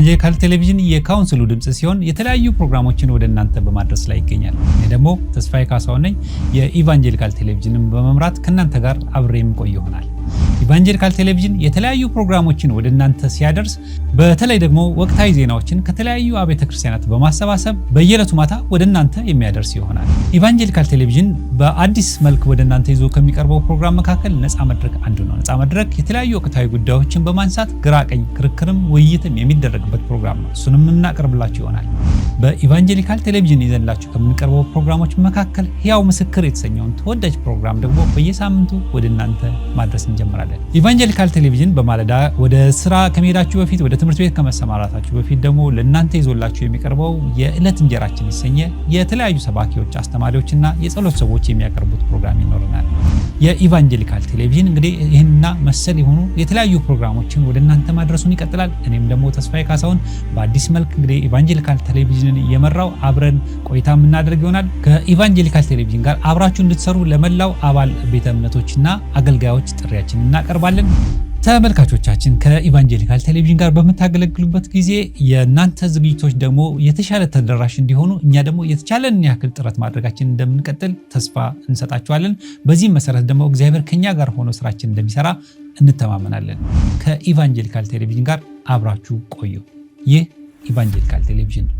ኢቫንጀሊካል ቴሌቪዥን የካውንስሉ ድምፅ ሲሆን የተለያዩ ፕሮግራሞችን ወደ እናንተ በማድረስ ላይ ይገኛል። እኔ ደግሞ ተስፋዬ ካሳሁን ነኝ። የኢቫንጀሊካል ቴሌቪዥንን በመምራት ከእናንተ ጋር አብሬ የምቆይ ይሆናል። ኢቫንጀሊካል ቴሌቪዥን የተለያዩ ፕሮግራሞችን ወደ እናንተ ሲያደርስ በተለይ ደግሞ ወቅታዊ ዜናዎችን ከተለያዩ አብያተ ክርስቲያናት በማሰባሰብ በየዕለቱ ማታ ወደ እናንተ የሚያደርስ ይሆናል። ኢቫንጀሊካል ቴሌቪዥን በአዲስ መልክ ወደ እናንተ ይዞ ከሚቀርበው ፕሮግራም መካከል ነፃ መድረክ አንዱ ነው። ነፃ መድረክ የተለያዩ ወቅታዊ ጉዳዮችን በማንሳት ግራ ቀኝ ክርክርም ውይይትም የሚደረግበት ፕሮግራም ነው። እሱንም እናቀርብላችሁ ይሆናል። በኢቫንጀሊካል ቴሌቪዥን ይዘንላችሁ ከምንቀርበው ፕሮግራሞች መካከል ያው ምስክር የተሰኘውን ተወዳጅ ፕሮግራም ደግሞ በየሳምንቱ ወደ እናንተ ማድረስ እንጀምራለን። እንችላለን። ኢቫንጀሊካል ቴሌቪዥን በማለዳ ወደ ስራ ከመሄዳችሁ በፊት፣ ወደ ትምህርት ቤት ከመሰማራታችሁ በፊት ደግሞ ለእናንተ ይዞላችሁ የሚቀርበው የዕለት እንጀራችን ይሰኘ የተለያዩ ሰባኪዎች፣ አስተማሪዎችና የጸሎት ሰዎች የሚያቀርቡት ፕሮግራም ይኖረናል። የኢቫንጀሊካል ቴሌቪዥን እንግዲህ ይህንና መሰል የሆኑ የተለያዩ ፕሮግራሞችን ወደ እናንተ ማድረሱን ይቀጥላል። እኔም ደግሞ ተስፋዬ ካሳሁን በአዲስ መልክ እንግዲህ ኢቫንጀሊካል ቴሌቪዥንን እየመራው አብረን ቆይታ የምናደርግ ይሆናል። ከኢቫንጀሊካል ቴሌቪዥን ጋር አብራችሁ እንድትሰሩ ለመላው አባል ቤተ እምነቶችና አገልጋዮች ጥሪያችንና እናቀርባለን። ተመልካቾቻችን ከኢቫንጀሊካል ቴሌቪዥን ጋር በምታገለግሉበት ጊዜ የእናንተ ዝግጅቶች ደግሞ የተሻለ ተደራሽ እንዲሆኑ እኛ ደግሞ የተቻለን ያክል ጥረት ማድረጋችን እንደምንቀጥል ተስፋ እንሰጣችኋለን። በዚህም መሰረት ደግሞ እግዚአብሔር ከኛ ጋር ሆኖ ስራችን እንደሚሰራ እንተማመናለን። ከኢቫንጀሊካል ቴሌቪዥን ጋር አብራችሁ ቆዩ። ይህ ኢቫንጀሊካል ቴሌቪዥን ነው።